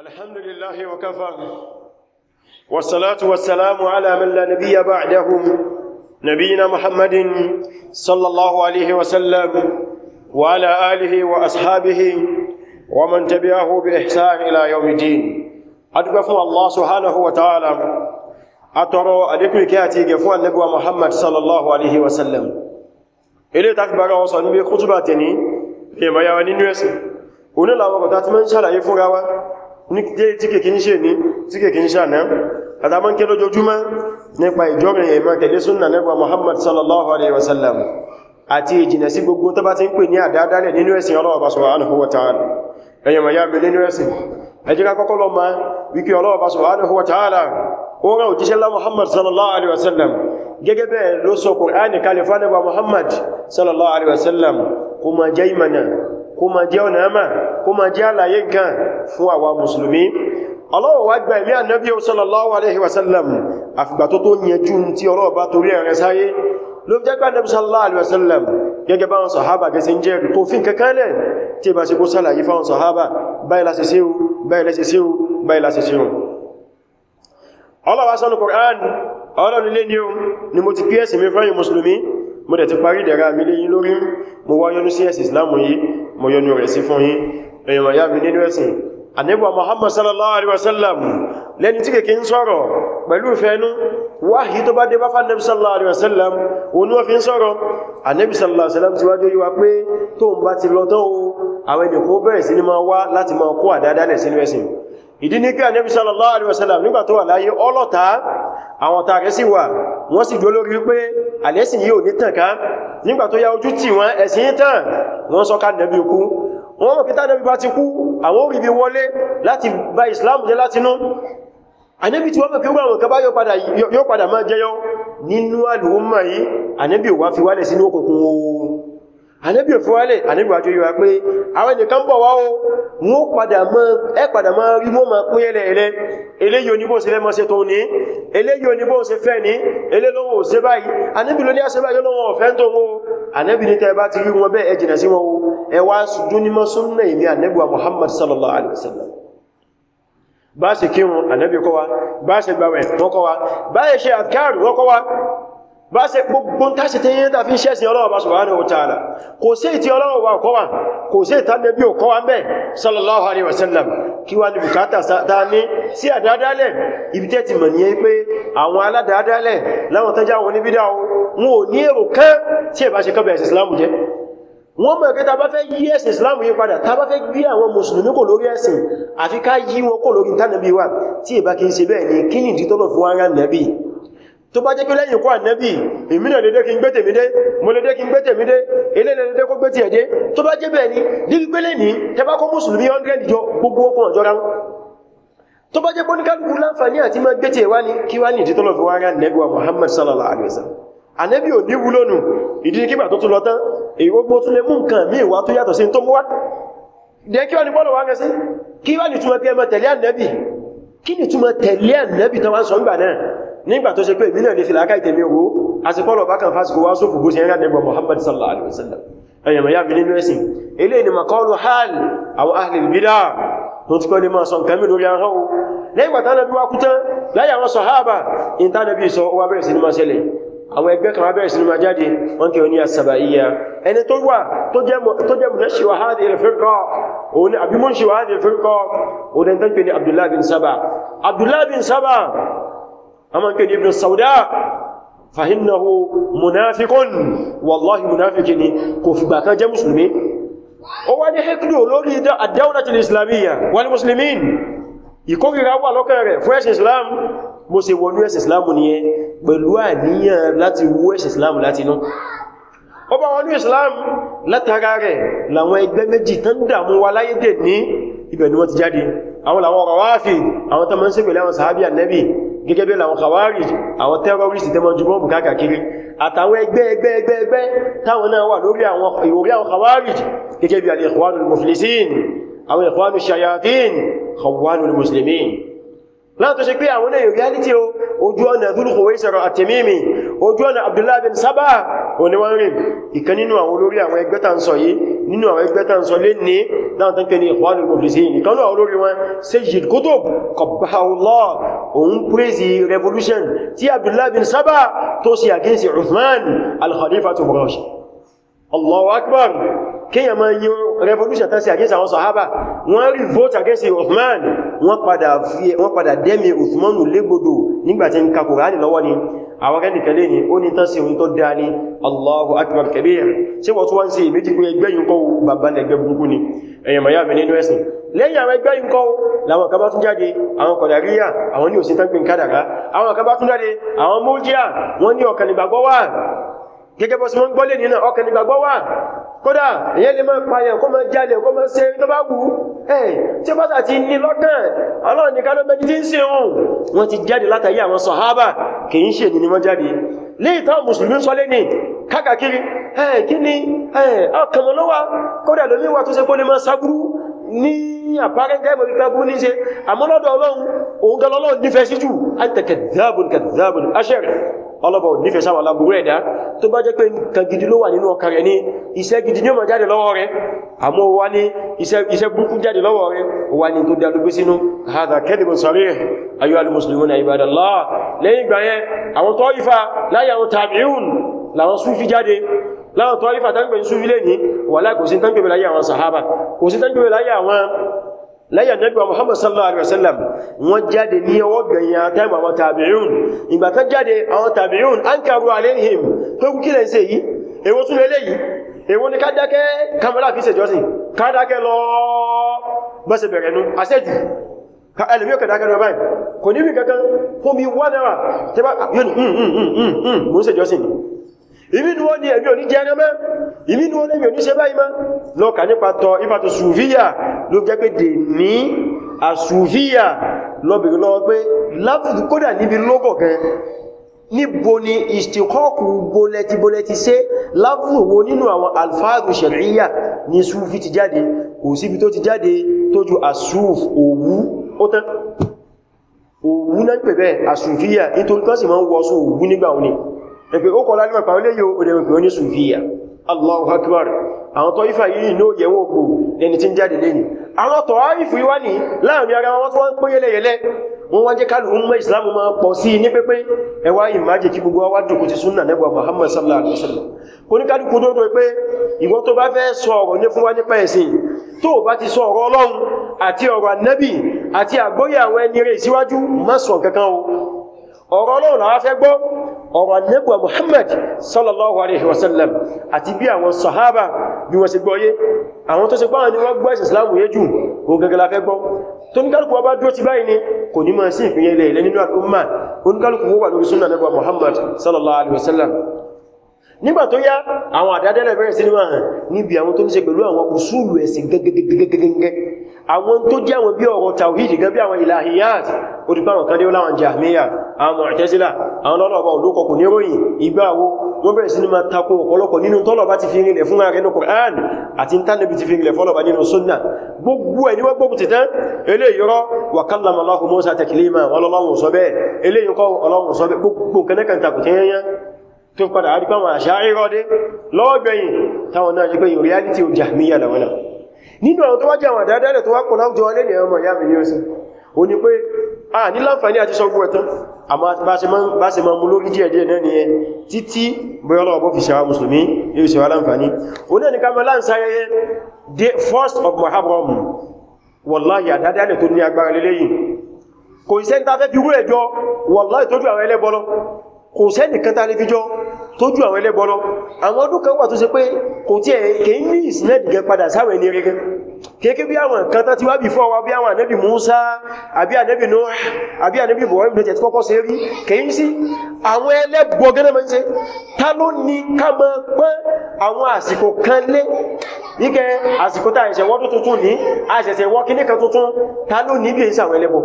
الحمد لله وكفى والصلاة والسلام على من لا نبي بعده نبينا محمد صلى الله عليه وسلم وعلى آله وأصحابه ومن تبعه بإحسان إلى يوم الدين أدقفوا الله سبحانه وتعالى أتروا أدقوا كاتي قفوا النبوة محمد صلى الله عليه وسلم إلي تكبر وصنوا بخطباتني لما يواني نوسي هنا لا وقتات من شرعي فراوة tí kèkè ń ṣe ní tí kèkè ń ṣàná àtàmọ́ ń ké lójoojúmọ́ nípa ìjọrin èèmọ́ tẹ̀lé súnnà nẹ́gbà Muhammad sallallahu alaihi wasallam àti ìjìnà sí gbogbo tó bá ti ń pè ní àdádálẹ̀ nínú ẹ̀sìn Ọlọ́run Ọba subhanahu wa ta'ala ẹ̀yẹ̀ mọ̀ yá mi nínú ẹ̀sìn ẹjẹ́ ká kọ́kọ́ lọ máa wíkí Ọlọ́run Ọba subhanahu wa ta'ala ó rán òjíṣẹ́ lá Muhammad sallallahu alaihi wasallam gẹ́gẹ́ bẹ́ẹ̀ kó ma jẹ́ ọ̀nà ẹ̀mà kó ma jẹ́ àlàyé gan fún àwa mùsùlùmí ọlọ́wọ̀ wá gba ẹ̀mí ànábí sallallahu alaihi wasallam àfìgbà tó tó yẹjú tí ọlọ́wọ̀ bá torí ẹ̀rẹ sáyé ló jẹ́ gbá ànábí sallallahu alaihi wasallam gẹ́gẹ́ bá wọn sọ̀hábà gẹ́sẹ̀ ń jẹ́ tó fi kankanlẹ̀ tí bá ṣe kó sàlàyé fáwọn sọ̀hábà báyìí lásìsíhù báyìí lásìsíhù báyìí lásìsíhù ọlọ́wà sọ́nù mo dẹ̀ ti parí dẹ̀ra mi léyìn lórí mo wáyọ́nú sí ẹ̀sìn islamu yìí mo yọ́nú rẹ̀ sí fún yín ẹ̀yàn àyà mi nínú ẹ̀sìn àníbà Muhammad sallallahu alaihi wasallam lẹ́ni tí kèkè ń sọ̀rọ̀ pẹ̀lú ìfẹ́nú wáhí tó bá dé bá fánàbí sallallahu alaihi wasallam òun wọ́n fi sallallahu alaihi wasallam ti wájú yíwa pé tó ń bá ti lọ tán o àwọn ènìyàn sallallahu alaihi wasallam nígbà tó wà láyé àwọn tààrẹ sì wà wọ́n sì jó lórí pé àlẹ́sìn yìí ò ní tàn ká nígbà tó yá ojú tì wọ́n ẹ̀sìn yìí tàn wọ́n sọ ká nẹ́bí okú wọ́n mọ̀ kí tánẹ́bí bá ti kú àwọn orí bí wọlé láti bá Islam jẹ́ látinú ànẹ́bí tí wọ́n mọ̀ kí ó àwọn kẹbá yóò padà máa jẹyọ nínú àlùmọ̀ yìí ànẹ́bí ò wá fi wálẹ̀ sínú òkùnkùn ooo ànábì òfúwálẹ̀ ànábì àjò yíwa pé àwọn ènìyàn bọ̀ wá o wọ́n padà mọ́ ẹ padà mọ́ rí wọ́n ma pín ẹlẹ̀ ẹlẹ́ eléyìí oníbò sí lẹ́mọ́ sí tó ní eléyìí oníbò sí fẹ́ ní elélówó sí báyìí ànábì ló ní àṣẹ báyìí lọ́wọ́ ọ̀fẹ́ tó wó ànábì ní tẹ́ bá ti rí wọn bẹ́ẹ̀ ẹ jìnà sí wọn o ẹ wá bá ṣe gbogbo tàṣì tí yínyìn tàfi ṣẹ́sìn ọlọ́wọ́ bá subhanahu wa ta'ala kò sí ìtí ọlọ́wọ́ bá kọ́ wa kò sí ìtàlẹ̀ bí ò kọ́ wa mẹ́ sallallahu alaihi wasallam kí wá ní bùkátà ta ní sí àdádálẹ̀ ibi tẹ́ ti mọ̀ ní pé àwọn aládádálẹ̀ láwọn tẹ́já wọn níbi dáwọn wọn ò ní èrò kán tí ẹ bá ṣe kọ́bẹ̀ tó bá jẹ́ pé lẹ́yìn kó ànẹ́bì ìmìnà dédé kí n gbé tèmídé mo lédé kí n gbé tèmídé eléèrè dédé kó gbé ti ẹ̀dé tó bá jẹ́ bẹ́ẹ̀ ni dígbí pé lẹ́ni tẹbákọ́ mùsùlùmí 100 jọ gbogbo okùn ọ̀jọ́ra tó bá jẹ́ pé oníkálùkù láǹfààní àti ni kí wá ní ìdí Muhammad sallallahu alaihi wasallam ànẹ́bí ò ní wúlò nù ìdí kígbà tó tún lọ tán èyí gbogbo tún lè mú nǹkan mí ìwá tó yàtọ̀ sí tó mú wá dẹ́ kí wá ní bọ́lọ̀ wá rẹ sí kí wá ní nígbà tó ṣe pé ìbílẹ̀ lè fi làákà ìtẹ̀mí owó àsìkọ́lọ̀ bákan fásikò wá sófù bó ṣe ń rádẹ́gbọ̀ Muhammad sallallahu alaihi wasallam ẹ̀yẹ̀mọ̀ yá bí nínú ẹ̀sìn ilé ni makọ́lù hal àwọn ahlil bid'a tó ti kọ́ ní máa sọ nǹkan mi lórí ahọ́n lẹ́yìnwà tánà bí wá kútán láyé àwọn sọ̀háàbà in tánà bí sọ ó wá bẹ̀rẹ̀ sí ní máa ṣẹlẹ̀ àwọn ẹgbẹ́ kan wá bẹ̀rẹ̀ sí ní máa jáde wọ́n kí o ní àsàbàíyà ẹni tó wà tó jẹ́ mọ̀ ṣíwá hádì ìrẹ̀fẹ́kọ́ òun ni àbí ṣíwá hádì ìrẹ̀fẹ́kọ́ òun ni tán pè ní Abdullah bin àmọ́ kí ní ibn sauda fahimnahu munafikun wallahi munafiki ni kò fìgbà kan jẹ́ musulmi ó wá ní hekdo lórí ad-dawlatil islamiyya wal muslimin ìkórìíra wà lọ́kàn rẹ̀ fún ẹ̀sìn islam bó ṣe wọnú ẹ̀sìn islam nìyẹn pẹ̀lú àníyàn láti wú ẹ̀sìn islam láti inú ó bá wọnú islam látara rẹ̀ làwọn ẹgbẹ́ méjì tán dàmú wa láyé dè ní ibẹ̀ ni wọ́n ti jáde àwọn làwọn Rawafid àwọn tó máa ń ṣe pẹ̀lú àwọn sàhábí gẹ́gẹ́ bí àwọn khawarij àwọn terrorist tẹ́mọ̀ ju bọ́ọ̀bù káàkiri àtàwọn ẹgbẹ́ ẹgbẹ́ ẹgbẹ́ ẹgbẹ́ táwọn náà wà lórí àwọn ìwòrí àwọn khawarij gẹ́gẹ́ bí al láwọn tán pé ní Ikhwanul Muflisin ìkan náà olórí wọn Sayyid Qutb qabbahahullah òun praise revolution tí Abdullah bin Saba tó sì against Uthman al-Khalifa tó Rashi kíyàn ma yí revolution tán sí against àwọn sọ̀hábà wọ́n rí vote against Uthman wọ́n padà dẹ́mi Uthmanu légbodò nígbàtí ń ka Kùránì lọ́wọ́ ni àwọn kẹ́nìkẹ́lẹ́ ni ó ní tán sí ohun tó dá ní Allahu Akbar kabir ṣe wọ́n tó wá ń sí méjì pé ẹgbẹ́ yìí kọ́ bàbá lẹ́gbẹ́ burúkú ni ẹ̀yàn mọ̀ yá mi nínú ẹ̀sìn lẹ́yìn àwọn ẹgbẹ́ yìí kọ́ láwọn kan bá tún jáde àwọn kọ̀dàríyà àwọn ní òsìn tán pín kádàrá àwọn kan bá tún jáde àwọn mọ́jíà wọ́n ní ọ̀kan ìgbàgbọ́ wà gẹ́gẹ́ bọ́ sí mọ́ ń gbọ́lé nínú ọkàn nígbàgbọ́ wà kódà èyẹ́ lè máa pààyàn kó máa jalè kó máa ṣe tó bá wù ú ẹ̀ tí ó bá sà ti ní lọ́kàn ọlọ́run nìkan ló mẹ́jì tí ń ṣe ohun wọ́n ti jáde látàrí àwọn sọ̀hábà kì í ṣe ní wọ́n jáde léètàn mùsùlùmí sọ lé ní kákàkiri ẹ̀ kí ni ọkàn ló wà kódà lómi wà tó ṣe kó lè máa sábúrú ní àpárẹ́gẹ́ ìmọ̀ ìta bú ní ṣe àmọ́lọ́dọ̀ ọlọ́run òun gan lọ́lọ́run nífẹ̀ẹ́ sí jù á tẹ̀kẹ̀ dáàbùn kẹ̀ dáàbùn aṣẹ́rẹ̀ ọlọ́bọ̀ ò nífẹ̀ẹ́ sáwà lágbúrú ẹ̀dá tó bá jẹ́ pé nǹkan gidi ló wà nínú ọkàn rẹ̀ ní iṣẹ́ gidi ní ó máa jáde lọ́wọ́ rẹ̀ àmọ́ wá ní iṣẹ́ burúkú jáde lọ́wọ́ rẹ̀ wá ní tó dálúgbé sínú hadha kadhibun sarih ayyuha al-muslimuna ibadallah lẹ́yìn ìgbà yẹn àwọn tọ́ífà láyé àwọn tàbíhùn làwọn súfí jáde láwọn tọ́ífà tán pè ní súfí lẹ́yìn Ànábì wa Muhammad sallallahu alaihi wasallam wọ́n jáde ní ọwọ́ gbẹ̀yìn àtẹ́mọ̀ àwọn tàbíyún ìgbà tó jáde àwọn tàbíyún ankaru alayhim tó kú kílẹ̀ ṣe yìí èwo tún lélẹ̀ yìí èwo ni ká dákẹ́ kamara fi ṣèjọsìn ká dákẹ́ lọ bọ́sẹ̀ bẹ̀rẹ̀ nu àṣẹ́jù ka ẹlùmí ọkà dákẹ́ ìmí ní olébì oníṣẹ́ báyìí má lọ́kà nípa tọ ìfàtò sùfíyà ló jẹ́ pé dè ní àsùfíyà lọ́bìnrin lọ́wọ́ pé láfùdù kódà níbi lọ́gọ̀ gan níbo ni ìṣtíkọ́kù bólẹ́tí bólẹ́tí sé láfùdù wo nínú àwọn alfáàgù ṣẹ̀ríyà ní súfí ti jáde kò síbi tó ti jáde tójú àsúf òwú ó tán òwú náà pè bẹ́ẹ̀ àsùfíyà nítorí kan sì máa ń wọ́sùn òwú nígbà òní ẹ̀pẹ̀ ó kọ́ lálẹ́ Allahu akbar àwọn tó ifá yìí ní òyẹ̀ wọn òpò lẹni tí ń jáde lẹ́yìn àwọn tó áìfù yíwá ní láàrin ara wọn tó wọ́n pín yẹlẹyẹlẹ wọ́n wá jẹ́ kálù ummah Islam máa pọ̀ sí ní pépé ẹwà ìmájẹ̀ kí gbogbo wa dùnkù ti súnnà nẹ́gbà Muhammad sallallahu alaihi wasallam kò ní kálù kúdó pé ìwọ́n tó bá fẹ́ sọ ọ̀rọ̀ ọlọ́run làwọn fẹ́ gbọ́ ọ̀rọ̀ ànẹ́gbà Muhammad sallallahu alaihi wasallam àti bí àwọn sahaba bí wọ́n ṣe gbọ́ yé àwọn tó ṣe gbọ́ ni wọ́n gbọ́ ẹ̀sìn Islam yé jù o gẹ́gẹ́ la fẹ́ gbọ́ tó ní kálùkù ọba dúró ti báyìí ni kò ní máa sí ìpínyẹ ilẹ̀ ilẹ̀ nínú àdúmà oníkálùkù wà lórí súnà nẹ́gbà Muhammad sallallahu alaihi wasallam nígbà tó yá àwọn àdádẹ́lẹ̀ bẹ̀rẹ̀ sí ní níbi àwọn tó ní ṣe pẹ̀lú àwọn usúlù ẹ̀sìn gẹ́gẹ́gẹ́gẹ́gẹ́gẹ́ àwọn tó jẹ́ àwọn bí ọ̀rọ̀ tàwíìdì gan bí àwọn ìlàhíyàt òdìpá àwọn kan dé láwọn jàmíyà àwọn Mu'tazila àwọn lọ́lọ́bà olókọ̀kù ní ròyìn ìgbàwó wọ́n bẹ̀rẹ̀ sí ní ma takò ọ̀pọ̀lọpọ̀ nínú tọ́lọ̀bá ti fi rinlẹ̀ fún ààrẹ nínú Qur'an àti tánàbí ti fi rinlẹ̀ fọ́lọ̀bá nínú Sunnah gbogbo ẹni wọ́n gbogbo ti tán ilé ìyọ́rọ́ wa kallama Allahu Musa taklima wọn lọ́lọ́run sọ bẹ́ẹ̀ reality ò Jahmiyya làwọn nínú àwọn tó wá jẹ́ àwọn àdáadáa tó wá pọ̀ láwùjọ lẹ́nì ọmọ ìyá mi ní ọ̀sẹ̀ o ní pé a ní láǹfààní àti sọ gbogbo ẹ̀tán àmọ́ bá ṣe máa mú lórí díẹ̀ díẹ̀ náà nìyẹn títí bọ́yọ́lá ọgbọ́ the first of Muharram wọ̀láyà àdáadáa tó ní agbára lélẹ́yìn kò ìṣẹ́ ń ta fẹ́ fi rú ẹjọ́ wọ̀láyà tójú tó ju àwọn ẹlẹ́bọ́lọ́ àwọn ọdún kan wà tó ṣe pé kò tí ẹ̀ kìí ní ìsinẹ́dì gẹ padà sáwẹ̀ ní rẹ̀gẹ́ kéèké bí àwọn nǹkan tán ti wá bí fọ́ wa bí àwọn ànábì Musa àbí ànábì Nuh àbí ànábì Ibrahim lójẹ̀ tí kọ́kọ́ ṣe rí kìí sí àwọn ẹlẹ́bọ gẹ́nà mọ́ ṣe ta ló ní ká mọ́ pẹ́ àwọn àsìkò kan lé nígẹ́ àsìkò tá àṣẹ̀ṣẹ̀ wọ́dún tuntun ní àṣẹ̀ṣẹ̀ wọ́kíní kan tuntun ta ló ní bí èyí sàwọn ẹlẹ́bọ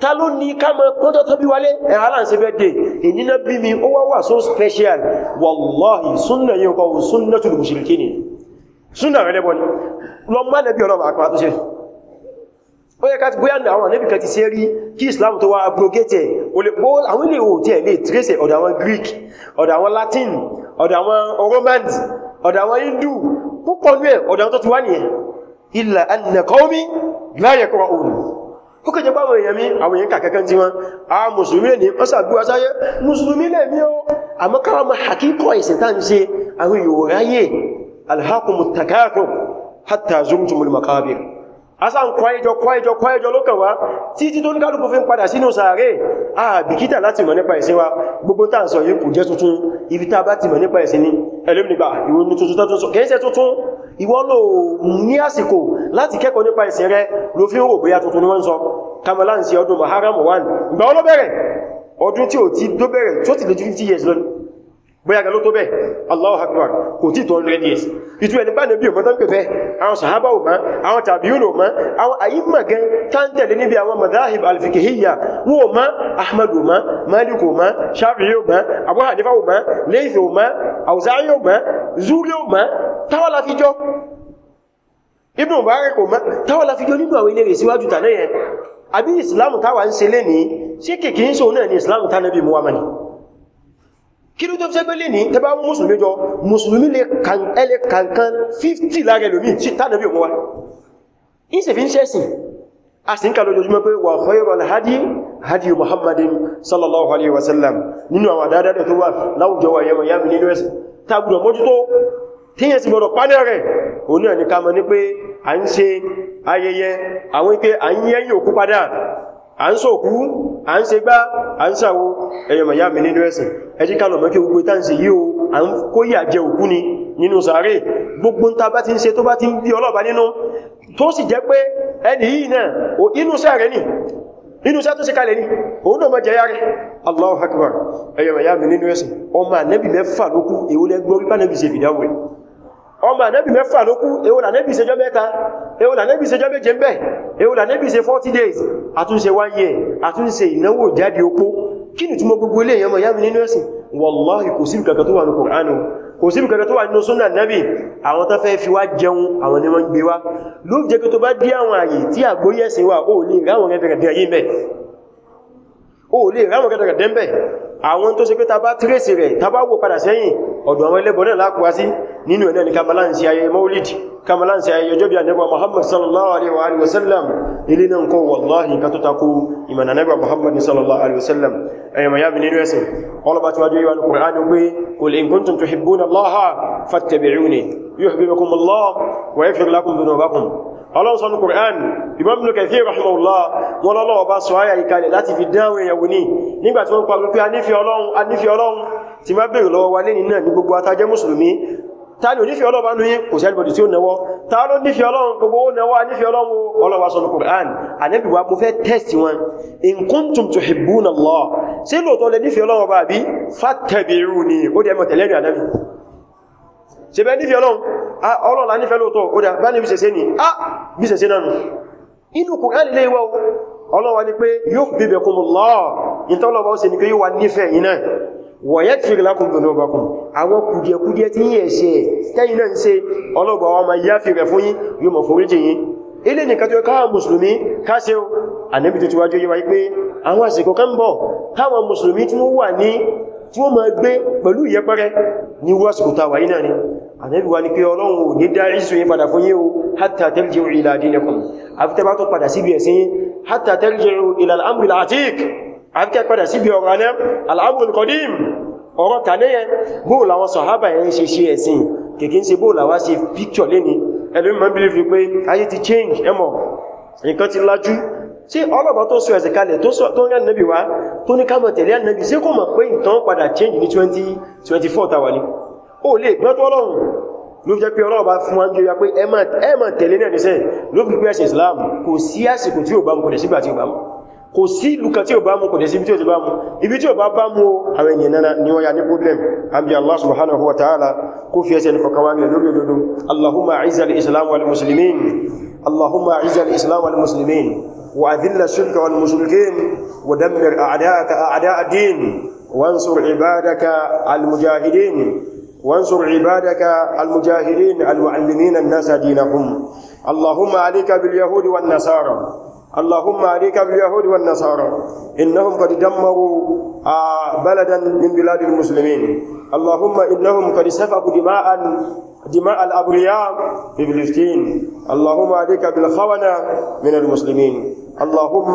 ta ló ní ká mọ kọ́jọ́ tó bí wálé ẹ̀rọ aláǹsẹ́ bẹ́ dé ìnínà bí mi ó wá wà so special wallahi súnà yíò kọ́ súnà tó lùkù ṣìrìkì ni súnà rẹ̀ lẹ́bọ̀ ni lọ má nẹ́bí ọ̀nà bá kọ́ àtúnṣe ó yẹ ká ti bóyá Greek ọ̀dọ̀ Latin ọ̀dọ̀ àwọn Romans Hindu púpọ̀ ní ẹ̀ ọ̀dọ̀ àwọn tó ti wá ó kẹjẹ báwọn èèyàn mi àwọn èèyàn kàkẹ́kẹ́ tí wọ́n a mùsùlùmí lè ní wọ́n sàgbúwa sáyé mùsùlùmí lè ní ó àmọ́ káwọn ma hakíkọ́ ìsìn tán ṣe àwọn yóò ráyè alhakumu takakum hatta zumtumul makabir asá ń kọ́ ẹjọ́ kọ́ ẹjọ́ kọ́ ẹjọ́ lókàn wá títí tó ní kálùkù fi ń padà sínú sàárè àbìkítà láti mọ̀ nípa ẹ̀sìn wa gbogbo tàà sọ yìí kò jẹ́ tuntun ibi tá bá ti mọ̀ nípa ẹ̀sìn ni ẹlẹ́mìnigbà ìwò ní tuntun tó tún sọ kẹ́ẹ́sẹ̀ ìwọ ló ní àsìkò láti kẹ́kọ̀ọ́ nípa ìsìn rẹ ló fi ń rò bóyá tuntun ni wọ́n ń sọ kamala ń ṣe ọdún maharam 1 ìgbà ló bẹ̀rẹ̀ ọdún tí ó ti dó bẹ̀rẹ̀ tí ó ti lè ju years lónìí bóyá gẹ̀ló tó bẹ̀ Allahu Akbar kò tí tó 100 years ìtú ẹni bá ní bí òmọ́tán pẹ̀fẹ́ àwọn sàhábà ò mọ́ àwọn tàbíyún ò mọ́ àwọn àyíkmà gẹn tántẹ̀lé táwọn la fi jọ ibùn bá rẹ̀ kò mọ́ táwọn la fi jọ nínú àwọn ilé rẹ̀ síwájú tà náà yẹn àbí ìsìláàmù táwà ń ṣe lénìí ṣé kìkì ń sọ náà ni ìsìláàmù tá nábì mú wá mọ́ni kí ló tó fi ṣẹ́gbé lénìí tẹ́bá mú mùsùlùmí jọ mùsùlùmí lè ẹlẹ́ kankan 50 lára ẹlòmí tí tá nábì mú wá ìsẹ̀fí ń ṣẹ́sìn a sì ń kà lójoojúmọ́ pé wà khairul hadi hadi muhammadin sallallahu alaihi wasallam nínú àwọn dáadáa tó wà láwùjọ wa yẹmọ̀ yàmì nínú ẹ̀sìn tàbùdọ̀ mójútó tíyẹ̀ sí gbọ́dọ̀ pálẹ̀ rẹ̀ òun náà ní ká mọ̀ ní pé a ń ṣe ayẹyẹ àwọn ipé a ń yẹ́yìn òkú padà a ń sòkú a ń ṣe gbá a ń sàwo ẹ̀yọ̀ màyá mi nínú ẹ̀sìn ẹjí ká lọ̀mọ́ kí gbogbo tá ń ṣe yíò a ń kóyà jẹ òkú ni nínú sàárè gbogbo ta bá ti ń ṣe tó bá ti ń bí ọlọ́ọ̀bá nínú tó sì jẹ́ pé ẹni yìí náà inú sàárè ni nínú iṣẹ́ tó ṣe kalẹ̀ ní òun náà mọ́ jẹ yáre Allahu Akbar ẹ̀yọ̀ màyá mi nínú ẹ̀sìn ọmọ ànẹ́bì mẹ́fà lókú èwo lẹ́gbọ́rí bá nẹ́bì ṣe fìdáwẹ̀ ọmọ ànẹ́bì mẹ́fà ló kú èwo lànẹ́bì ṣe jọ mẹ́ta èwo lànẹ́bì ṣe jọ méje ń bẹ̀ èwo lànẹ́bì ṣe 40 days àtúnṣe one year àtúnṣe ìnáwó jáde opó kí ni túnmọ̀ gbogbo ilé ìyàmọ̀ yàmì nínú ẹ̀sìn wallahi kò sí ìkàkà tó wà ní Kùránù kò sí ìkàkà tó wà nínú súnà nábì àwọn tó fẹ́ fi wá jẹun àwọn ni wọ́n gbé wá ló jẹ́ kí tó bá dí àwọn àyè tí àgbóyẹ̀sìn wà ó lè ráwọn rẹ̀dẹ̀rẹ̀dẹ̀ yìí mẹ́ ó lè ráwọn rẹ̀dẹ̀rẹ̀dẹ̀ mẹ́ àwọn tó ṣe pé ta bá tírèsì rẹ̀ ta bá wò padà sẹ́yìn ọ̀dọ̀ àwọn ẹlẹ́bọ̀ náà lápùwá sí nínú ẹ̀nà ní kamalansi ayẹyẹ maulid kamalansi ayẹyẹ ọjọ́ bí anẹ́gbà muhammad sallallahu alaihi wa sallam ilé náà kọ wallahi ka tó takó ìmọ̀nà anẹ́gbà muhammad sallallahu alaihi wa sallam ẹ̀yẹmọ̀ yá bí nínú ẹ̀sìn ọlọ́bà tí wájú ìwọ̀n kùránù pé qul in kuntum tuhibbuna allaha fattabi'uni yuhibbukum allah wa yaghfir lakum dhunubakum ọlọ́run sọ ní Qur'an Imam Ibn Kathir rahimahullah wọn lọ́lọ́wọ́ bá sọ ayà ìkalẹ̀ láti fi dáwọn èèyàn ní nígbàtí wọ́n pàgbé pé a nífẹ́ ọlọ́run ti má bèèrè lọ́wọ́ wa lẹ́ni ta ni onífẹ́ ọlọ́run bá nú yín kò sí ẹgbẹ̀dì tí ó nẹwọ́ ta ló nífẹ́ ọlọ́run gbogbo ó nẹwọ́ nífẹ́ ọlọ́run ọlọ́wà sọ Qur'an ànábì wa mo fẹ́ tẹ́sì wọn in kuntum tuhibbuna Allah sí lóòtọ́ lẹ nífẹ́ ọlọ́run bá bí fattabi'uni ó dẹ̀ mọ̀ tẹ̀lẹ́rìn ànábì ṣe bẹ́ nífẹ́ ọlọ́run ọlọ́run la nífẹ́ lóòtọ́ ó dẹ̀ bá ní bí ṣe ṣe ní á bí ó wọ̀yẹ́ tí fìrìlá kùn dùn ọba kùn àwọn kùdìẹ̀kùdìẹ̀ tí yíyẹ̀ ṣe tẹ́yìn náà ń ṣe ọlọ́gbà wọn ma yá fi rẹ̀ fún yí yóò mọ̀ fún oríjì yìí tó ti wájú yíwa pé àwọn àsìkò kan bọ̀ káwọn mùsùlùmí tí wọ́n wà ní tí wọ́n máa gbé pẹ̀lú ìyẹpẹrẹ ní wọ́sìkò tàwà yìí ni ànẹ́bì wá ní pé ọlọ́run ní dárí sí yí padà fún yí hátà tẹ́lìjì àbíkẹ́ padà síbi ọ̀rọ̀ aná aláàbùn kọdím ọ̀rọ̀ tàníyẹ bóòlù àwọn sọ̀hábà yẹn ṣe ṣe ẹ̀sìn kèkè ń ṣe bóòlù àwọn ṣe píkṣọ̀ lẹ́ni ẹlòmí ma ń bílífì pé ayé ti change ẹmọ̀ nǹkan ti lájú tí ọlọ́bà tó sọ ẹ̀sẹ̀ kalẹ̀ tó ń rán nẹ́bì wá tó ní kámọ̀ tẹ̀lé nẹ́bì sí kò mọ̀ pé ìtàn padà change ní 2024 tàwà ní ó lè gbọ́n tó ọlọ́run ló fi jẹ́ pé ọlọ́ọ̀bá fún wa ń jẹ́ pé ẹmọ̀ tẹ̀lé náà nìṣẹ́ ló fi pẹ́ ẹ̀sìn Islam kò sí àsìkò tí ò bá mú kò lè sígbà tí ò bá mú kò sí ìlú kan tí ò bá mú kò dẹ̀ sí ibi tí ò ti bá mú ibi tí ò bá bá mú àwọn ènìyàn náà ni wọ́n ya ní problem àbí Allah subhanahu wa ta'ala kó fi ẹsẹ̀ nìkan kawà nílẹ̀ lórí òdodo Allahumma a'izzal islam wal muslimin Allahumma a'izzal islam wal muslimin wa adilla shirka wal mushrikin wa dammir a'da'aka a'da'a din wansur ibadaka al mujahidin وانصر عبادك المجاهدين المعلمين الناس دينهم اللهم عليك باليهود والنصارى اللهم عليك باليهود والنصارى إنهم قد دمروا آه، بلدا من بلاد المسلمين اللهم إنهم قد سفكوا دماء دماء الأبرياء في فلسطين اللهم عليك بالخونة من المسلمين اللهم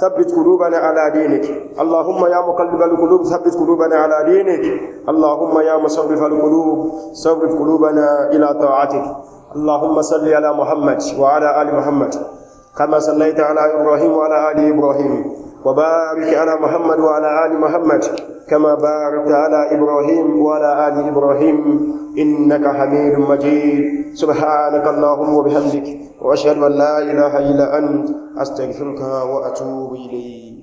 ثبت قلوبنا على دينك اللهم يا مقلب القلوب ثبت قلوبنا على دينك اللهم يا مصرف القلوب صرف قلوبنا إلى طاعتك اللهم صل على محمد وعلى آل محمد كما صليت على إبراهيم وعلى آل إبراهيم وبارك على محمد وعلى آل محمد كما باركت على إبراهيم وعلى آل إبراهيم إنك حميد مجيد سبحانك اللهم وبحمدك وأشهد أن لا إله إلا أنت أستغفرك وأتوب إليك